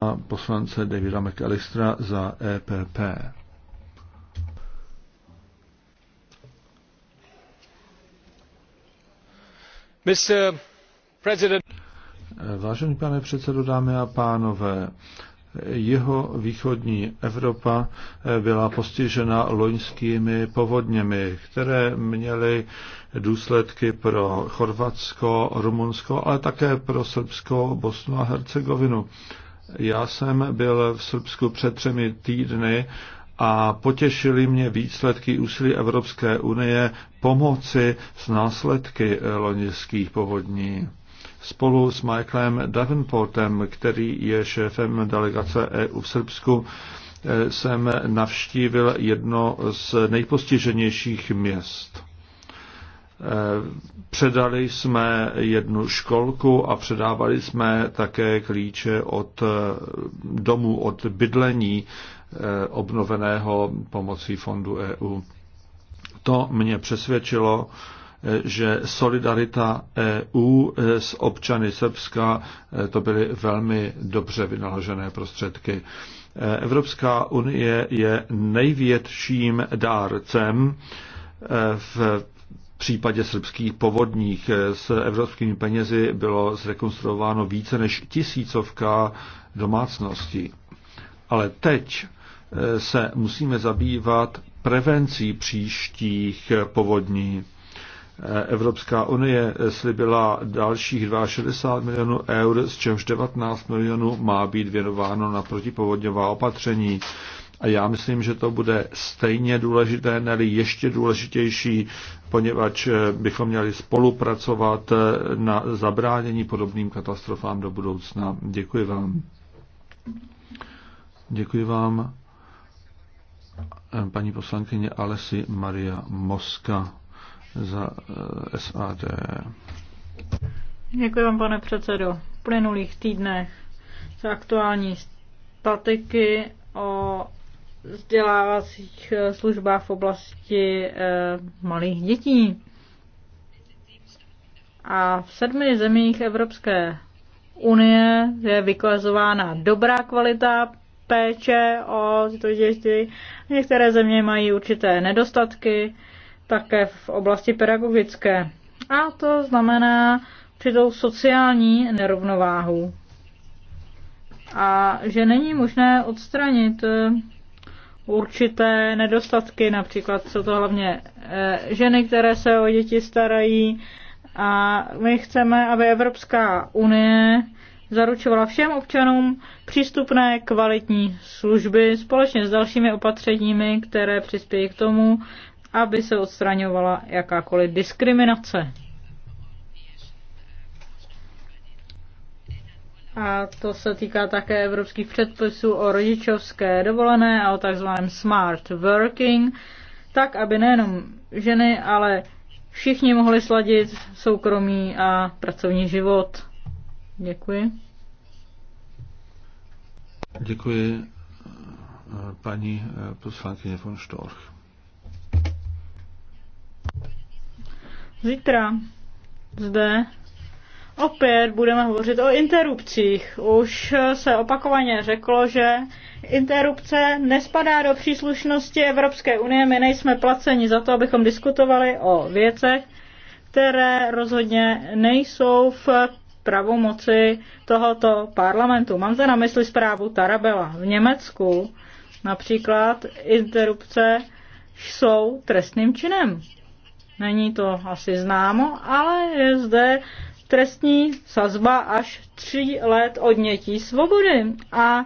a poslance Davida McAllistera za EPP. Mr. President. Vážený pane předsedo, dámy a pánové, jeho východní Evropa byla postižena loňskými povodněmi, které měly důsledky pro Chorvatsko, Rumunsko, ale také pro Srbsko, Bosnu a Hercegovinu já jsem byl v Srbsku před třemi týdny a potěšili mě výsledky úsilí Evropské unie pomoci s následky eh, loňských povodní. Spolu s Michaelem Davenportem, který je šéfem delegace EU v Srbsku, eh, jsem navštívil jedno z nejpostiženějších měst. Předali jsme jednu školku a předávali jsme také klíče od domu, od bydlení eh, obnoveného pomocí fondu EU. To mě přesvědčilo, eh, že solidarita EU eh, s občany Srbska to byly velmi dobře vynaložené prostředky. Evropská unie je největším dárcem v v případě srbských povodních eh, s evropskými penězi bylo zrekonstruováno více než tisícovka domácností. Ale teď eh, se musíme zabývat prevencí příštích povodní. Eh, Evropská unie slibila dalších 62 milionů eur, z čemž 19 milionů má být věnováno na protipovodňová opatření. A já myslím, že to bude stejně důležité, neli ještě důležitější, poněvadž eh, bychom měli spolupracovat eh, na zabránění podobným katastrofám do budoucna. Děkuji vám. Děkuji vám, eh, paní poslankyně Alesi Maria Moska za SAD. Děkuji vám, pane předsedo. V plynulých týdnech za aktuální statiky o vzdělávacích eh, službách v oblasti eh, malých dětí. A v sedmi zemích Evropské unie je vykazována dobrá kvalita péče o tyto děti. Některé země mají určité nedostatky, také v oblasti pedagogické. A to znamená určitou sociální nerovnováhu. A že není možné odstranit eh, určité nedostatky, například jsou to hlavně eh, ženy, které se o děti starají a my chceme, aby Evropská unie zaručovala všem občanům přístupné kvalitní služby společně s dalšími opatřeními, které přispějí k tomu, aby se odstraňovala jakákoliv diskriminace. A to se týká také evropských předpisů o rodičovské dovolené a o takzvaném smart working, tak aby nejenom ženy, ale všichni mohli sladit soukromý a pracovní život. Děkuji. Děkuji paní poslankyně von Storch. Zítra zde Opět budeme hovořit o interrupcích. Už se opakovaně řeklo, že interrupce nespadá do příslušnosti Evropské unie. My nejsme placeni za to, abychom diskutovali o věcech, které rozhodně nejsou v pravomoci tohoto parlamentu. Mám zde na mysli zprávu Tarabela. V Německu například interrupce jsou trestným činem. Není to asi známo, ale je zde trestní sazba až tři let odnětí svobody. A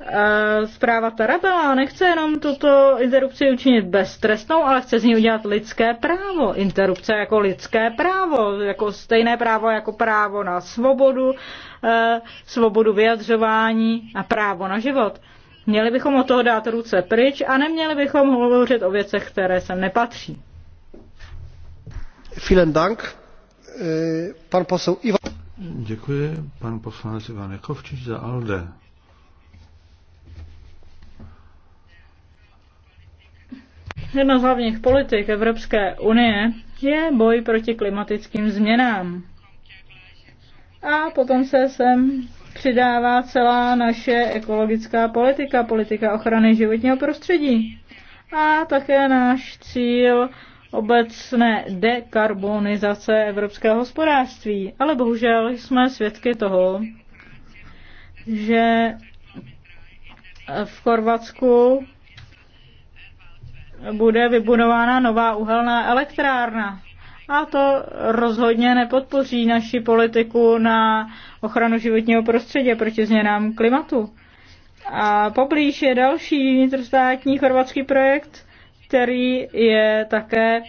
e, zpráva Tarabela nechce jenom tuto interrupci učinit beztrestnou, ale chce z ní udělat lidské právo. Interrupce jako lidské právo, jako stejné právo jako právo na svobodu, e, svobodu vyjadřování a právo na život. Měli bychom o toho dát ruce pryč a neměli bychom hovořit o věcech, které sem nepatří. Vielen Dank. Eh, pan posel Ivan. Děkuji pan poslanec Ivan Jakovčič za ALDE. Jedna z hlavních politik Evropské unie je boj proti klimatickým změnám. A potom se sem přidává celá naše ekologická politika, politika ochrany životního prostředí. A také náš cíl obecné dekarbonizace evropského hospodářství. Ale bohužel jsme svědky toho, že v Chorvatsku bude vybudována nová uhelná elektrárna. A to rozhodně nepodpoří naši politiku na ochranu životního prostředí proti změnám klimatu. A poblíž je další vnitrostátní chorvatský projekt, který je také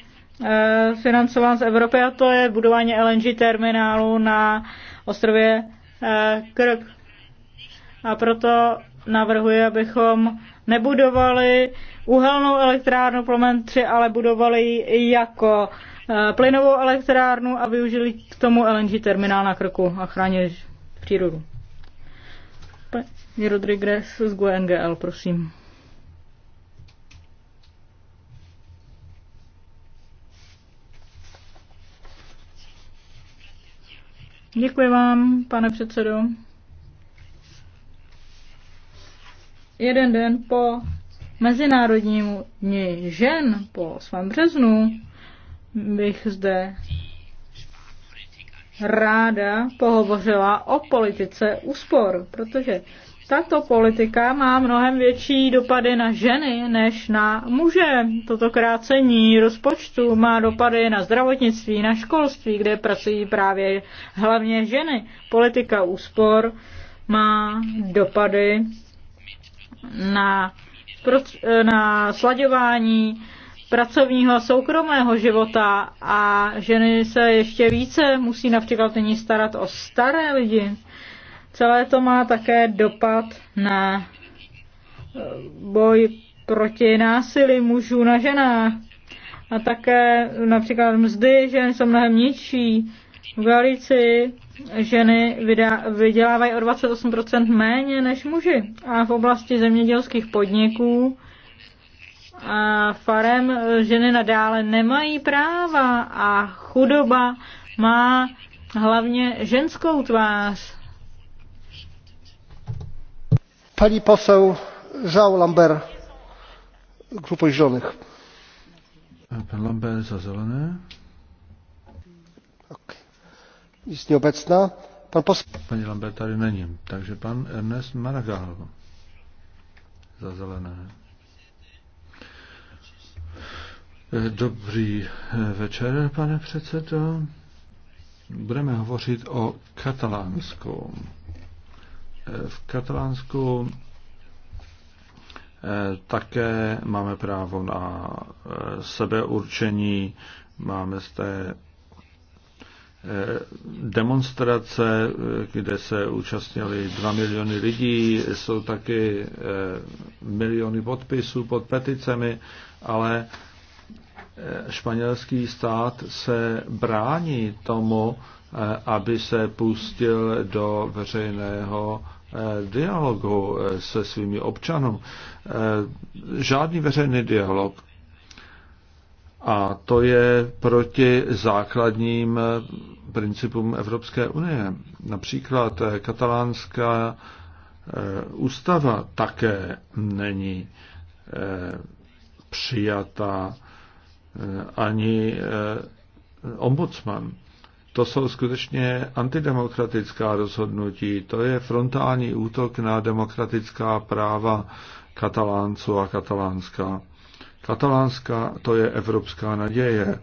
eh, financován z Evropy a to je budování LNG terminálu na ostrově eh, Krk. A proto navrhuji, abychom nebudovali uhelnou elektrárnu Plomen 3, ale budovali ji jako eh, plynovou elektrárnu a využili k tomu LNG terminál na Krku a chránili přírodu. Paní Rodriguez z GNGL, prosím. Děkuji vám, pane předsedo. Jeden den po Mezinárodnímu dni žen po svém březnu bych zde ráda pohovořila o politice úspor, protože tato politika má mnohem větší dopady na ženy než na muže. Toto krácení rozpočtu má dopady na zdravotnictví, na školství, kde pracují právě hlavně ženy. Politika úspor má dopady na, na slaďování pracovního a soukromého života a ženy se ještě více musí například nyní starat o staré lidi. Celé to má také dopad na eh, boj proti násilí mužů na ženách. A také například mzdy žen jsou mnohem nižší. V Galicii ženy vydělávají o 28% méně než muži. A v oblasti zemědělských podniků a farem eh, ženy nadále nemají práva a chudoba má hlavně ženskou tvář paní posel Jean Lambert, Grupa Zielonych. Pan Lambert za zelené. Okay. Jest nieobecna. Pan posel... Pani Lambert tady není, takže pan Ernest Maragall za zelené. Dobrý večer, pane předsedo. Budeme hovořit o katalánskou. V Katalánsku eh, také máme právo na eh, sebeurčení, máme té eh, demonstrace, kde se účastnili 2 miliony lidí, jsou taky miliony podpisů pod peticemi, ale španělský stát se brání tomu, aby se pustil do veřejného Eh, dialogu eh, se svými občanů. Eh, žádný veřejný dialog. A to je proti základním principům Evropské unie. Například katalánská ústava také není přijata ani ombudsman to jsou skutečně antidemokratická rozhodnutí. To je frontální útok na demokratická práva katalánců a katalánská. Katalánská to je evropská naděje. E,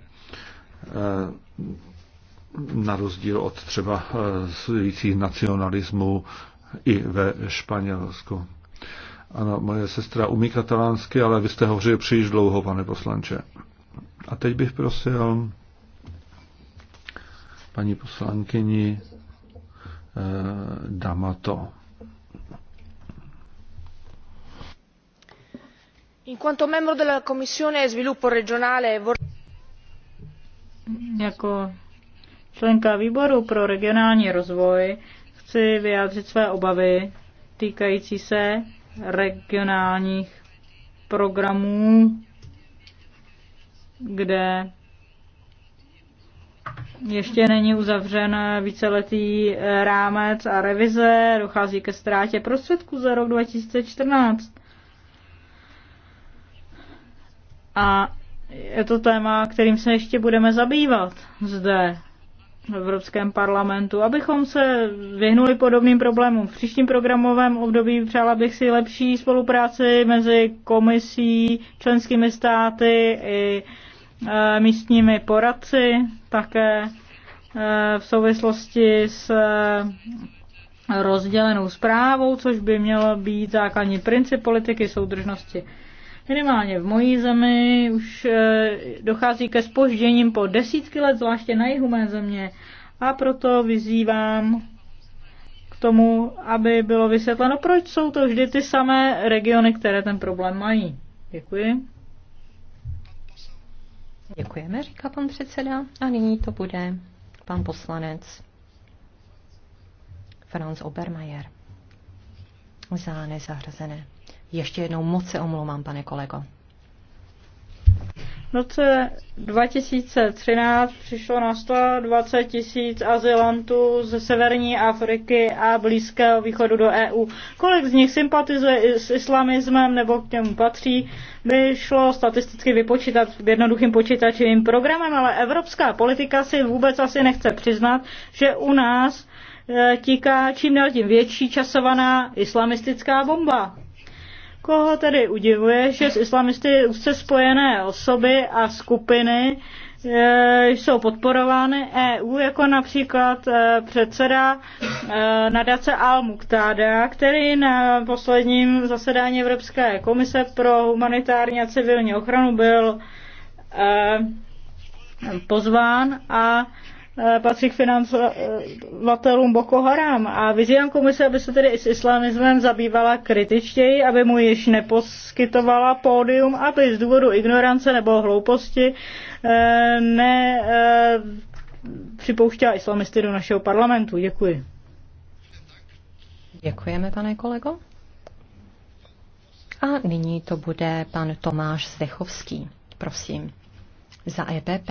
na rozdíl od třeba e, svících nacionalismu i ve Španělsku. Ano, moje sestra umí katalánsky, ale vy jste hovořil příliš dlouho, pane poslanče. A teď bych prosil paní poslankyni eh, Damato. In quanto membro della Commissione Sviluppo Regionale Jako členka výboru pro regionální rozvoj chci vyjádřit své obavy týkající se regionálních programů, kde ještě není uzavřen víceletý eh, rámec a revize, dochází ke ztrátě prostředků za rok 2014. A je to téma, kterým se ještě budeme zabývat zde v Evropském parlamentu, abychom se vyhnuli podobným problémům. V příštím programovém období přála bych si lepší spolupráci mezi komisí, členskými státy i Eh, místními poradci, také eh, v souvislosti s eh, rozdělenou zprávou, což by mělo být základní princip politiky soudržnosti. Minimálně v mojí zemi už dochází ke spožděním po desítky let, zvláště na jihu mé země, a proto vyzývám k tomu, aby bylo vysvětleno, proč jsou to vždy ty samé regiony, které ten problém mají. Děkuji. Děkujeme, říká pan předseda. A nyní to bude pan poslanec Franz Obermajer za nezahrazené. Ještě jednou moc se omlouvám, pane kolego. V roce 2013 přišlo na 120 tisíc azylantů ze severní Afriky a Blízkého východu do EU. Kolik z nich sympatizuje s islamismem nebo k němu patří, by šlo statisticky vypočítat jednoduchým počítačovým programem, ale evropská politika si vůbec asi nechce přiznat, že u nás e, tíká čím dál tím větší časovaná islamistická bomba. Koho tedy udivuje, že s islamisty úzce spojené osoby a skupiny eh, jsou podporovány EU, jako například eh, předseda eh, nadace Al-Muqtada, který na posledním zasedání Evropské komise pro humanitární a civilní ochranu byl pozván a Eh, patří k financovatelům Boko Haram a vyzývám komise, aby se tedy s islamismem zabývala kritičtěji, aby mu již neposkytovala pódium, aby z důvodu ignorance nebo hlouposti eh, ne eh, připouštěla islamisty do našeho parlamentu. Děkuji. Děkujeme, pane kolego. A nyní to bude pan Tomáš Zdechovský. Prosím, za EPP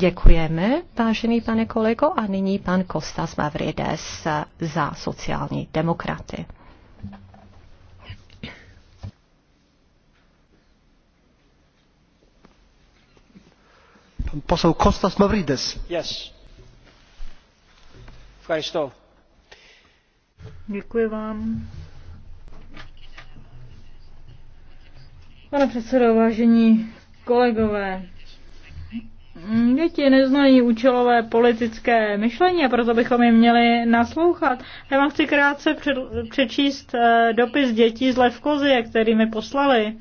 Děkujeme, vážený pane kolego, a nyní pan Kostas Mavrides za sociální demokraty. Pan posel Kostas Mavrides. Yes. Ευχαριστώ. Děkuji vám. Pane předsedo, vážení kolegové, Mm, děti neznají účelové politické myšlení a proto bychom jim měli naslouchat. Já vám chci krátce přečíst eh, dopis dětí z Levkozy, který mi poslali,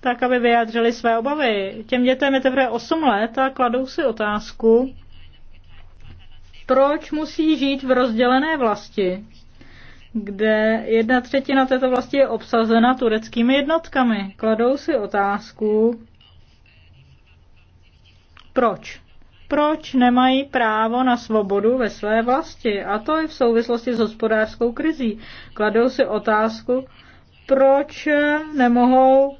tak aby vyjádřili své obavy. Těm dětem je teprve 8 let a kladou si otázku, proč musí žít v rozdělené vlasti, kde jedna třetina této vlasti je obsazena tureckými jednotkami. Kladou si otázku, proč? Proč nemají právo na svobodu ve své vlasti? A to i v souvislosti s hospodářskou krizí. Kladou si otázku, proč nemohou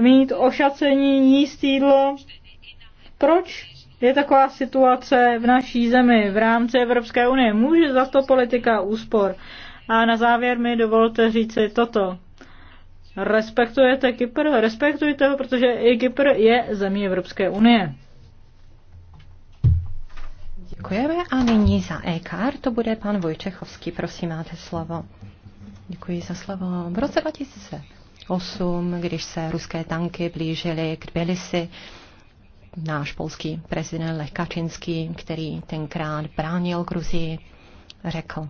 mít ošacení, jíst jídlo. Proč je taková situace v naší zemi v rámci Evropské unie? Může za to politika úspor. A na závěr mi dovolte říci toto. Respektujete Kypr? Respektujte ho, protože i Kypr je zemí Evropské unie. Děkujeme a nyní za EKR to bude pan Vojčechovský. Prosím, máte slovo. Děkuji za slovo. V roce 2008, když se ruské tanky blížily k Tbilisi, náš polský prezident Lech Kačinský, který tenkrát bránil Gruzii, řekl,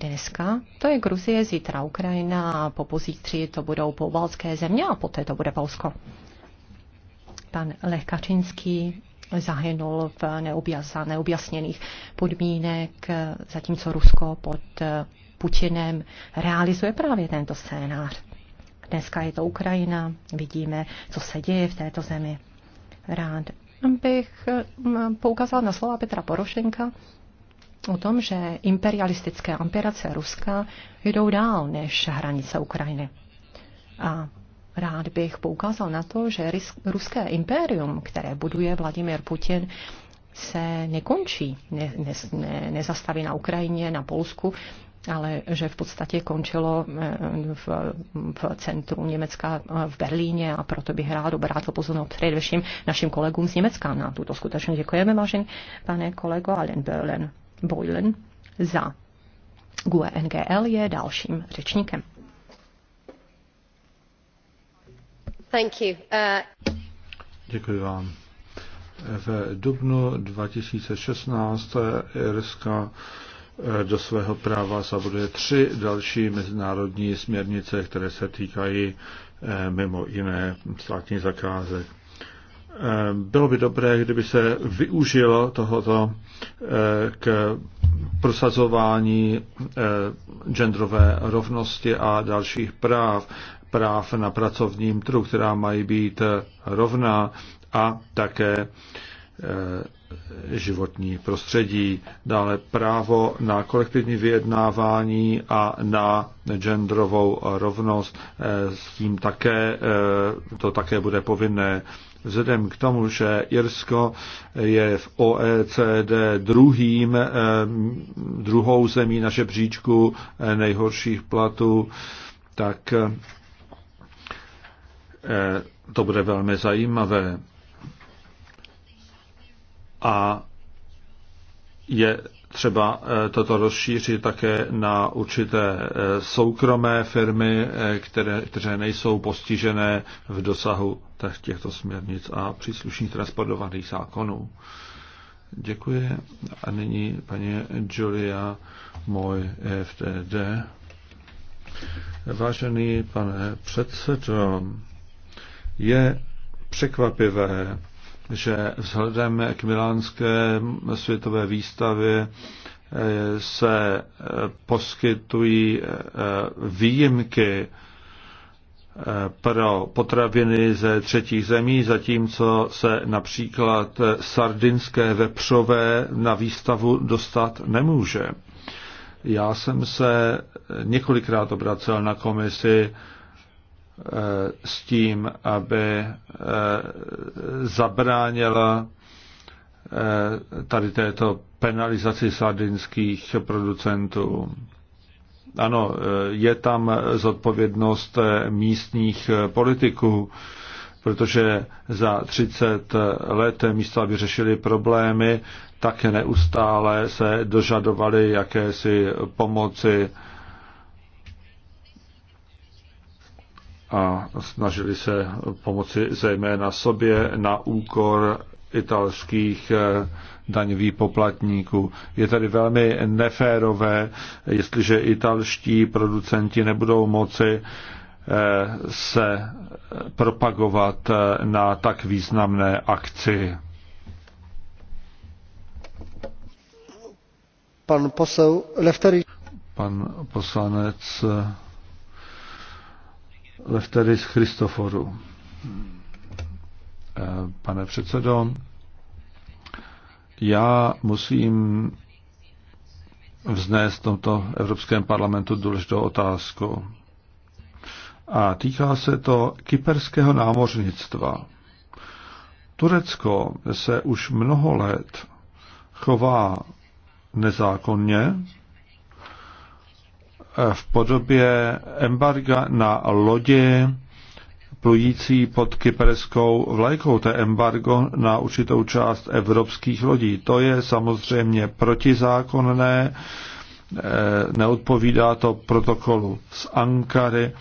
dneska to je Gruzie, zítra Ukrajina a po pozítří to budou pobaltské země a poté to bude Polsko. Pan Lech Kačinský zahynul v neobjasněných podmínek, zatímco Rusko pod eh, Putinem realizuje právě tento scénář. Dneska je to Ukrajina, vidíme, co se děje v této zemi. Rád bych eh, poukázal na slova Petra Porošenka o tom, že imperialistické operace Ruska jdou dál než hranice Ukrajiny. A Rád bych poukázal na to, že ruské impérium, které buduje Vladimir Putin, se nekončí, ne, ne, ne, nezastaví na Ukrajině, na Polsku, ale že v podstatě končilo eh, v, v centru Německa eh, v Berlíně a proto bych rád obrátil pozornost především našim kolegům z Německa na tuto skutečnost. Děkujeme, vážený pane kolego Allen Boylen za GUE NGL je dalším řečníkem. Thank you. Uh... Děkuji vám. V dubnu 2016 Irska eh, do svého práva zabuduje tři další mezinárodní směrnice, které se týkají eh, mimo jiné státních zakázek. Eh, bylo by dobré, kdyby se využilo tohoto k prosazování genderové rovnosti a dalších práv práv na pracovním trhu, která mají být rovná a také eh, životní prostředí, dále právo na kolektivní vyjednávání a na genderovou rovnost. Eh, s tím také, eh, to také bude povinné. Vzhledem k tomu, že Irsko je v OECD druhým, druhou zemí na žebříčku nejhorších platů, tak Eh, to bude velmi zajímavé. A je třeba eh, toto rozšířit také na určité eh, soukromé firmy, které, které nejsou postižené v dosahu těchto směrnic a příslušných transportovaných zákonů. Děkuji. A nyní paní Julia, můj FTD. Vážený pane předsedo, je překvapivé, že vzhledem k milánské světové výstavě eh, se eh, poskytují eh, výjimky pro potraviny ze třetích zemí, zatímco se například sardinské vepřové na výstavu dostat nemůže. Já jsem se několikrát obracel na komisi Eh, s tím, aby eh, zabránila eh, tady této penalizaci sardinských producentů. Ano, je tam zodpovědnost místních politiků, protože za 30 let místo, aby řešili problémy, tak neustále se dožadovali jakési pomoci a snažili se pomoci zejména sobě na úkor italských eh, daňových poplatníků. Je tady velmi neférové, jestliže italští producenti nebudou moci eh, se propagovat eh, na tak významné akci. Pan posel Lefteri. Pan poslanec Lefteris Christoforu. Eh, pane předsedo, já musím vznést v tomto Evropském parlamentu důležitou otázku. A týká se to kyperského námořnictva. Turecko se už mnoho let chová nezákonně Eh, v podobě embarga na lodě plující pod kyperskou vlajkou. To je embargo na určitou část evropských lodí. To je samozřejmě protizákonné, eh, neodpovídá to protokolu z Ankary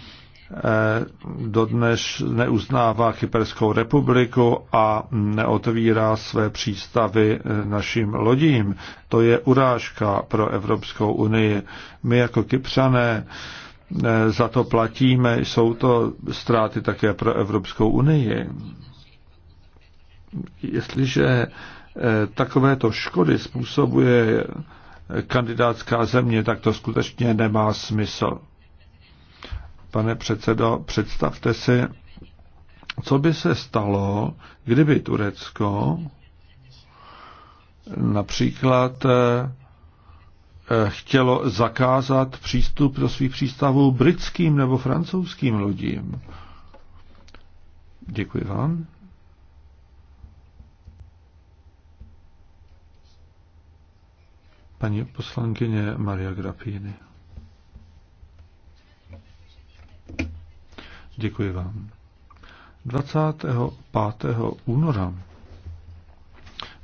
Eh, dodnes neuznává Kyperskou republiku a neotvírá své přístavy eh, našim lodím. To je urážka pro Evropskou unii. My jako Kypřané eh, za to platíme, jsou to ztráty také pro Evropskou unii. Jestliže takovéto škody způsobuje kandidátská země, tak to skutečně nemá smysl. Pane předsedo, představte si, co by se stalo, kdyby Turecko například eh, chtělo zakázat přístup do svých přístavů britským nebo francouzským lodím. Děkuji vám. Paní poslankyně Maria Grapini. Děkuji vám. 25. února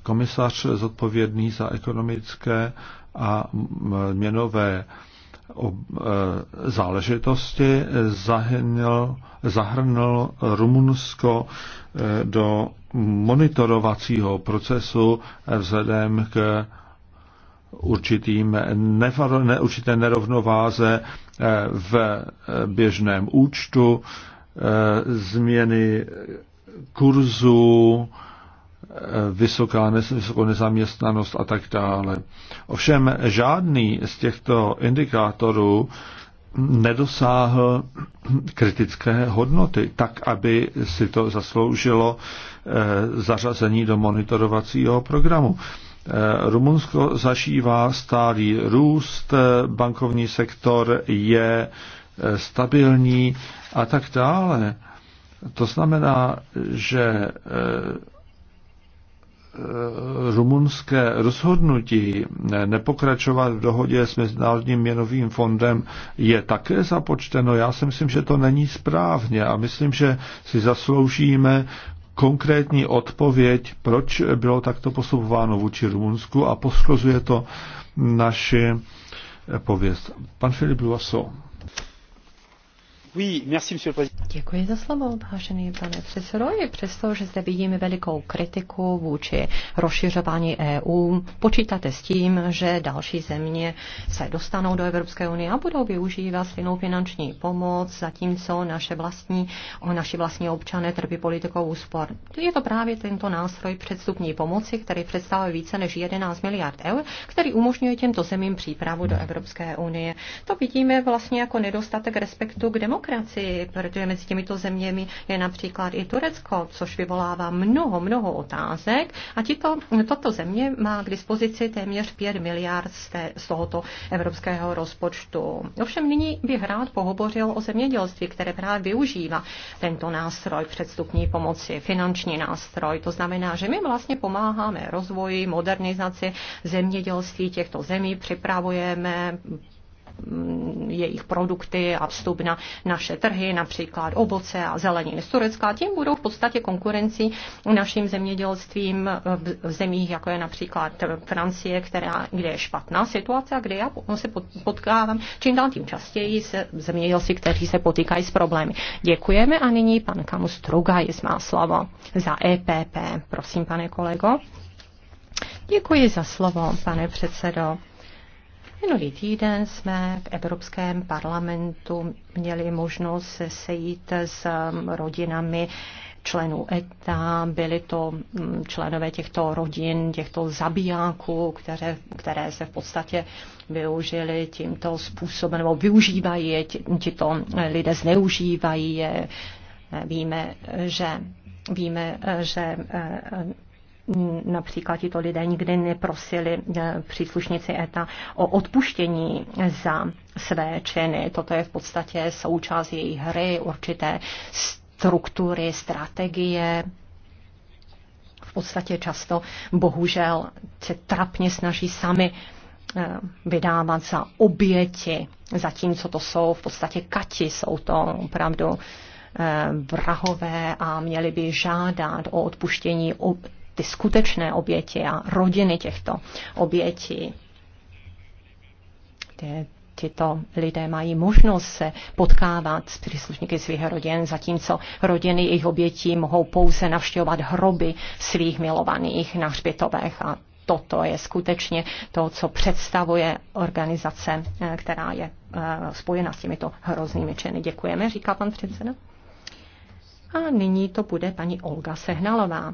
komisař zodpovědný za ekonomické a měnové eh, záležitosti zahrnul, zahrnul Rumunsko eh, do monitorovacího procesu vzhledem k určitým neurčité nerovnováze v běžném účtu, eh, změny kurzu, eh, vysoká vysokou nezaměstnanost a tak dále. Ovšem žádný z těchto indikátorů nedosáhl kritické hodnoty, tak aby si to zasloužilo eh, zařazení do monitorovacího programu. Eh, Rumunsko zažívá stálý růst, eh, bankovní sektor je eh, stabilní a tak dále. To znamená, že rumunské rozhodnutí nepokračovat v dohodě s Mezinárodním měnovým fondem je také započteno. Já si myslím, že to není správně a myslím, že si zasloužíme konkrétní odpověď, proč bylo takto postupováno vůči Rumunsku a poškozuje to naši pověst. Pan Filip Luaso. Oui, merci, monsieur le président. Děkuji za slovo, vážený pane předsedo. I přesto, že zde vidíme velikou kritiku vůči rozšiřování EU, počítáte s tím, že další země se dostanou do Evropské unie a budou využívat stejnou finanční pomoc, zatímco naše vlastní, naši vlastní občané trpí politikou úspor. Je to právě tento nástroj předstupní pomoci, který představuje více než 11 miliard eur, který umožňuje těmto zemím přípravu do Evropské unie. To vidíme vlastně jako nedostatek respektu k demokracii, protože mezi mezi těmito zeměmi je například i Turecko, což vyvolává mnoho, mnoho otázek a tito, toto země má k dispozici téměř 5 miliard z, té, z tohoto evropského rozpočtu. Ovšem nyní bych rád pohovořil o zemědělství, které právě využívá tento nástroj předstupní pomoci, finanční nástroj. To znamená, že my vlastně pomáháme rozvoji, modernizaci zemědělství těchto zemí, připravujeme Mm, jejich produkty a vstup na naše trhy, například ovoce a zeleniny z Turecka. Tím budou v podstatě konkurencí našim zemědělstvím eh, v zemích, jako je například eh, Francie, která, kde je špatná situace a kde já se potkávám čím dál tím častěji se zemědělci, kteří se potýkají s problémy. Děkujeme a nyní pan Kamus Truga je má slovo za EPP. Prosím, pane kolego. Děkuji za slovo, pane předsedo. Minulý týden jsme v Evropském parlamentu měli možnost se sejít s um, rodinami členů ETA, byli to um, členové těchto rodin, těchto zabijáků, které, které se v podstatě využili tímto způsobem, nebo využívají je, tito lidé zneužívají je. Víme, že Víme, že například tito lidé nikdy neprosili eh, příslušnici ETA o odpuštění za své činy. Toto je v podstatě součást její hry, určité struktury, strategie. V podstatě často bohužel se trapně snaží sami eh, vydávat za oběti, zatímco to jsou v podstatě kati, jsou to opravdu eh, vrahové a měli by žádat o odpuštění ty skutečné oběti a rodiny těchto obětí. Ty, tyto lidé mají možnost se potkávat s příslušníky svých rodin, zatímco rodiny jejich obětí mohou pouze navštěvovat hroby svých milovaných na hřbitovech a toto je skutečně to, co představuje organizace, eh, která je eh, spojena s těmito hroznými činy. Děkujeme, říká pan předseda. A nyní to bude paní Olga Sehnalová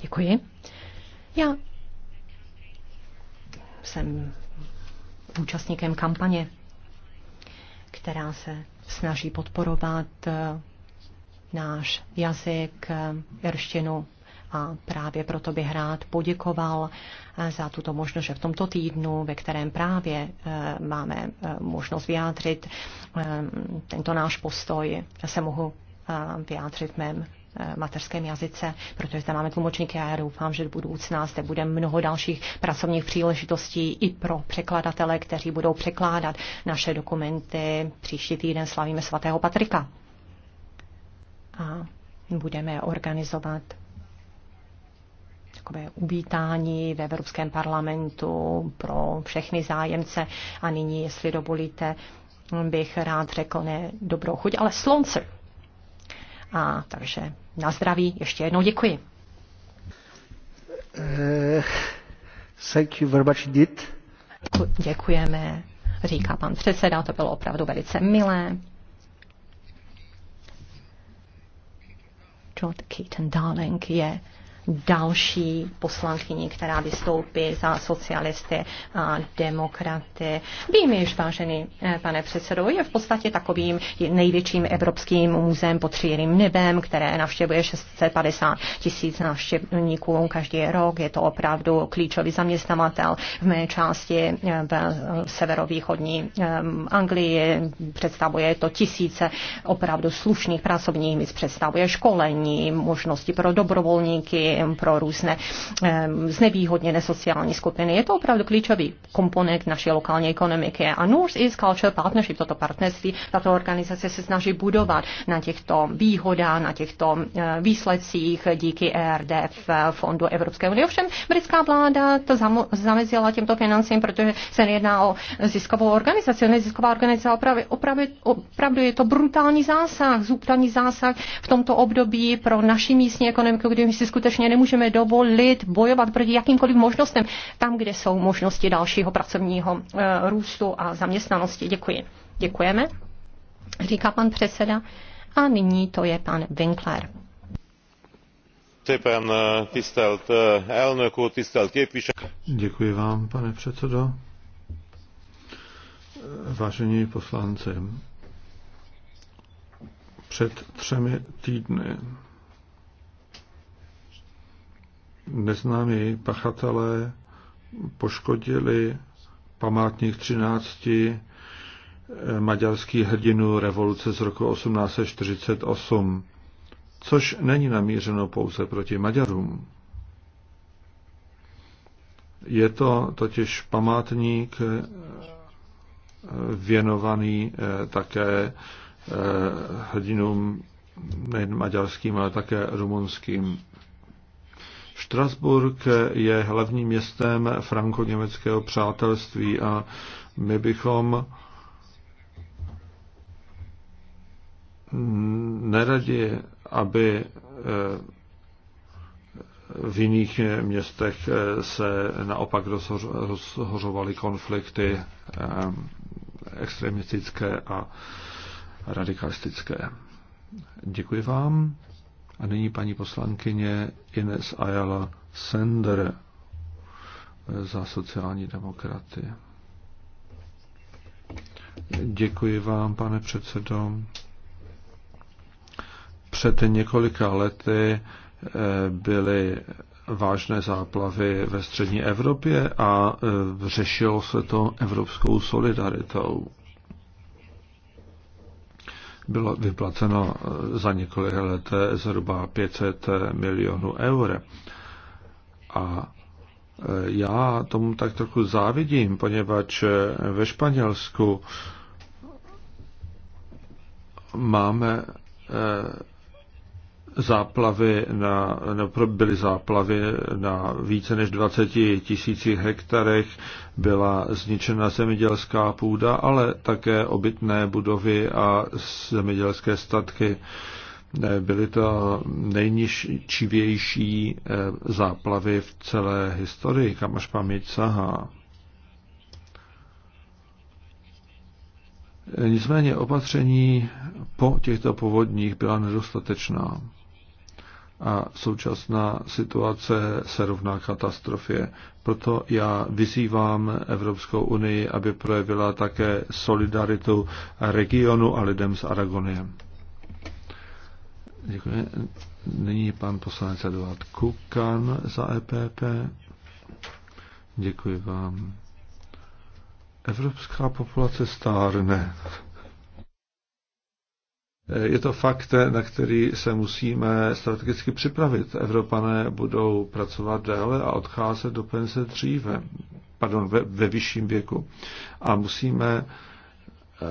Děkuji. Já jsem účastníkem kampaně, která se snaží podporovat eh, náš jazyk, eh, irštinu a právě proto bych rád poděkoval eh, za tuto možnost, že v tomto týdnu, ve kterém právě máme možnost vyjádřit tento náš postoj, se mohu vyjádřit v mém Eh, mateřském jazyce, protože zde máme tlumočníky a já doufám, že do budoucna zde bude mnoho dalších pracovních příležitostí i pro překladatele, kteří budou překládat naše dokumenty. Příští týden slavíme svatého Patrika. A budeme organizovat takové ubítání v Evropském parlamentu pro všechny zájemce. A nyní, jestli dovolíte, bych rád řekl ne dobrou chuť, ale slunce. A takže na zdraví ještě jednou děkuji. Uh, thank you very much indeed. Děkujeme, říká pan předseda, to bylo opravdu velice milé. George Keaton Darling je další poslankyni, která vystoupí za socialisty a demokraty. Vím již, vážený eh, pane předsedo, je v podstatě takovým největším evropským muzeem pod tříjeným nebem, které navštěvuje 650 tisíc návštěvníků každý rok. Je to opravdu klíčový zaměstnavatel v mé části eh, v eh, severovýchodní Anglii. Představuje to tisíce opravdu slušných pracovních míst, představuje školení, možnosti pro dobrovolníky, programy pro různé eh, znevýhodněné sociální skupiny. Je to opravdu klíčový komponent naší lokální ekonomiky. A North East Culture Partnership, toto partnerství, tato organizace se snaží budovat na těchto výhodách, na těchto eh, výsledcích díky ERDF eh, Fondu Evropské unie. Ovšem, britská vláda to zamezila těmto financím, protože se nejedná o ziskovou organizaci. Nezisková organizace opravdu, opravdu, opravdu je to brutální zásah, brutální zásah v tomto období pro naši místní ekonomiku, kdy my si skutečně rozhodně nemůžeme dovolit bojovat proti jakýmkoliv možnostem tam, kde jsou možnosti dalšího pracovního eh, růstu a zaměstnanosti. Děkuji. Děkujeme, říká pan předseda. A nyní to je pan Winkler. Eh, eh, Děkuji vám, pane předsedo. Vážení poslanci, před třemi týdny neznámí pachatelé poškodili památník 13 eh, maďarských hrdinů revoluce z roku 1848, což není namířeno pouze proti Maďarům. Je to totiž památník eh, věnovaný eh, také hrdinům nejen maďarským, ale také rumunským. Štrasburg je hlavním městem franko-německého přátelství a my bychom neradi, aby eh, v jiných městech eh, se naopak rozhořovaly konflikty eh, extremistické a radikalistické. Děkuji vám. A nyní paní poslankyně Ines Ayala Sender za sociální demokraty. Děkuji vám, pane předsedo. Před několika lety eh, byly vážné záplavy ve střední Evropě a eh, řešilo se to evropskou solidaritou bylo vyplaceno eh, za několik let eh, zhruba 500 eh, milionů eur. A já tomu tak trochu závidím, poněvadž ve Španělsku máme záplavy na, no, byly záplavy na více než 20 tisících hektarech, byla zničena zemědělská půda, ale také obytné budovy a zemědělské statky. Byly to nejničivější eh, záplavy v celé historii, kam až paměť sahá. Nicméně opatření po těchto povodních byla nedostatečná a současná situace se rovná katastrofě. Proto já vyzývám Evropskou unii, aby projevila také solidaritu regionu a lidem z Aragonie. Děkuji. Nyní pan poslanec Eduard Kukan za EPP. Děkuji vám. Evropská populace stárne Eh, je to fakt, eh, na který se musíme strategicky připravit. Evropané budou pracovat déle a odcházet do penze dříve, pardon, ve, ve vyšším věku. A musíme eh,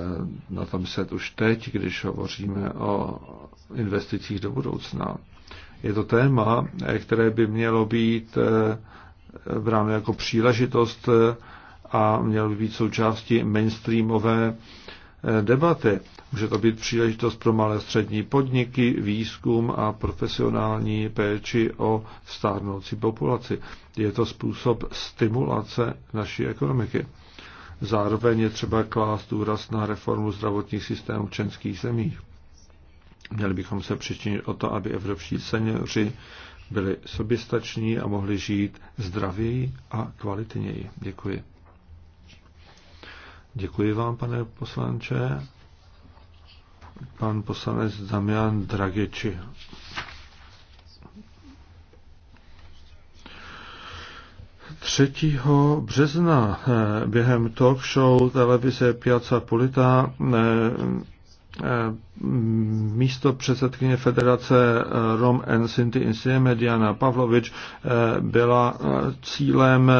na tom se už teď, když hovoříme o investicích do budoucna. Je to téma, které by mělo být bráno jako příležitost a mělo by být součástí mainstreamové debaty. Může to být příležitost pro malé střední podniky, výzkum a profesionální péči o stárnoucí populaci. Je to způsob stimulace naší ekonomiky. Zároveň je třeba klást důraz na reformu zdravotních systémů v členských zemích. Měli bychom se přičinit o to, aby evropští seniori byli soběstační a mohli žít zdravěji a kvalitněji. Děkuji. Děkuji vám, pane poslanče. Pan poslanec Damian Dragiči. Třetího března eh, během talk show televize Piazza Polita eh, eh, místo předsedkyně Federace Rom and Sinti Insieme Diana Pavlovič byla cílem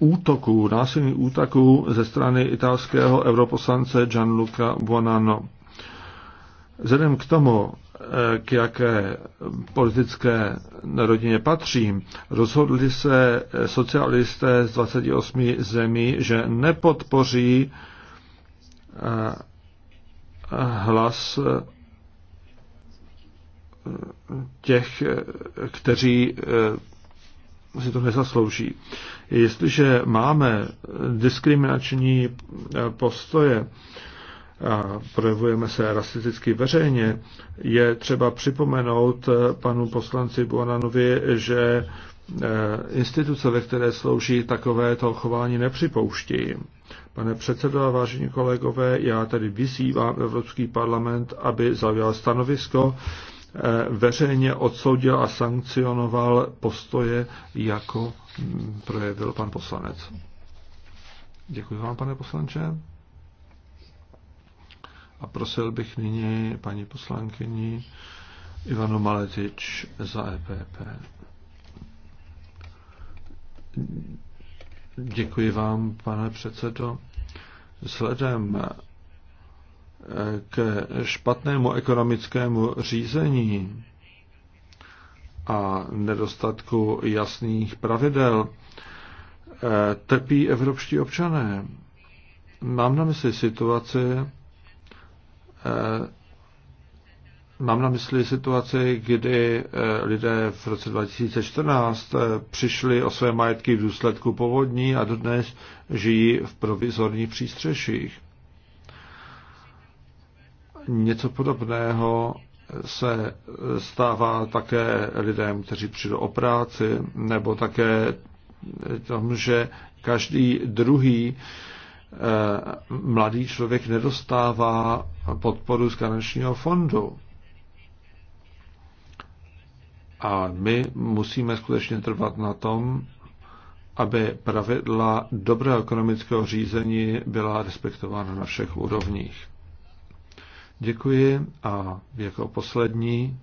útoků, násilných útoků ze strany italského europoslance Gianluca Buonanno. Vzhledem k tomu, eh, k jaké politické rodině patřím, rozhodli se socialisté z 28 zemí, že nepodpoří eh, hlas eh, těch, kteří si to nezaslouží. Jestliže máme diskriminační eh, postoje a projevujeme se rasisticky veřejně, je třeba připomenout eh, panu poslanci Buonanovi, že eh, instituce, ve které slouží takovéto chování, nepřipouští. Pane předsedo a vážení kolegové, já tedy vyzývám Evropský parlament, aby zaujal stanovisko, Eh, veřejně odsoudil a sankcionoval postoje, jako projevil pan poslanec. Děkuji vám, pane poslanče. A prosil bych nyní paní poslankyni Ivanu Maletič za EPP. Děkuji vám, pane předsedo. Vzhledem k špatnému ekonomickému řízení a nedostatku jasných pravidel eh, trpí evropští občané. Mám na mysli situaci, eh, Mám na mysli situaci, kdy eh, lidé v roce 2014 přišli o své majetky v důsledku povodní a dodnes žijí v provizorních přístřeších. Něco podobného se stává také lidem, kteří přijdou o práci, nebo také tomu, že každý druhý eh, mladý člověk nedostává podporu z garančního fondu. A my musíme skutečně trvat na tom, aby pravidla dobrého ekonomického řízení byla respektována na všech úrovních. Děkuji a jako poslední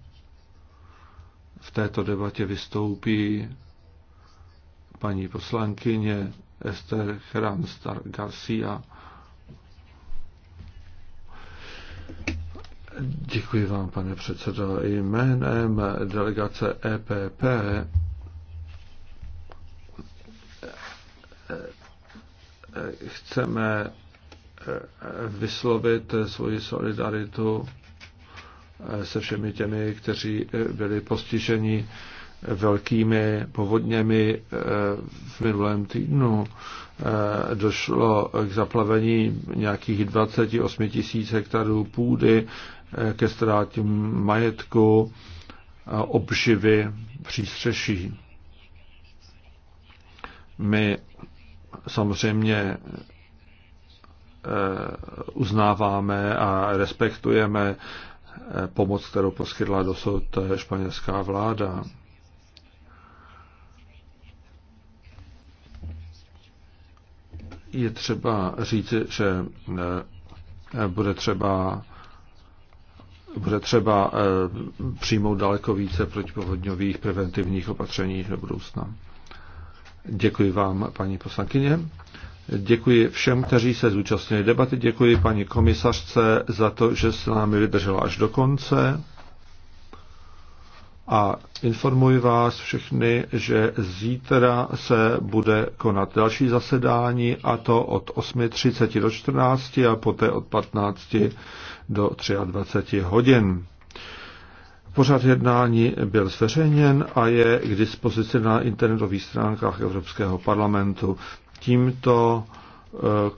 v této debatě vystoupí paní poslankyně Esther Hranstar Garcia. Děkuji vám, pane předsedo. Jménem delegace EPP chceme vyslovit svoji solidaritu eh, se všemi těmi, kteří eh, byli postiženi velkými povodněmi eh, v minulém týdnu. Došlo k zaplavení nějakých 28 tisíc hektarů půdy, ke ztrátě majetku, obživy přístřeší. My samozřejmě Eh, uznáváme a respektujeme eh, pomoc, kterou poskytla dosud eh, španělská vláda. Je třeba říci, že bude třeba bude třeba přijmout daleko více protipovodňových preventivních opatření do budoucna. Děkuji vám, paní poslankyně. Děkuji všem, kteří se zúčastnili debaty. Děkuji paní komisařce za to, že se námi vydržela až do konce. A informuji vás všechny, že zítra se bude konat další zasedání, a to od 8.30 do 14 a poté od 15 do 23 hodin. Pořad jednání byl zveřejněn a je k dispozici na internetových stránkách Evropského parlamentu. Tímto eh,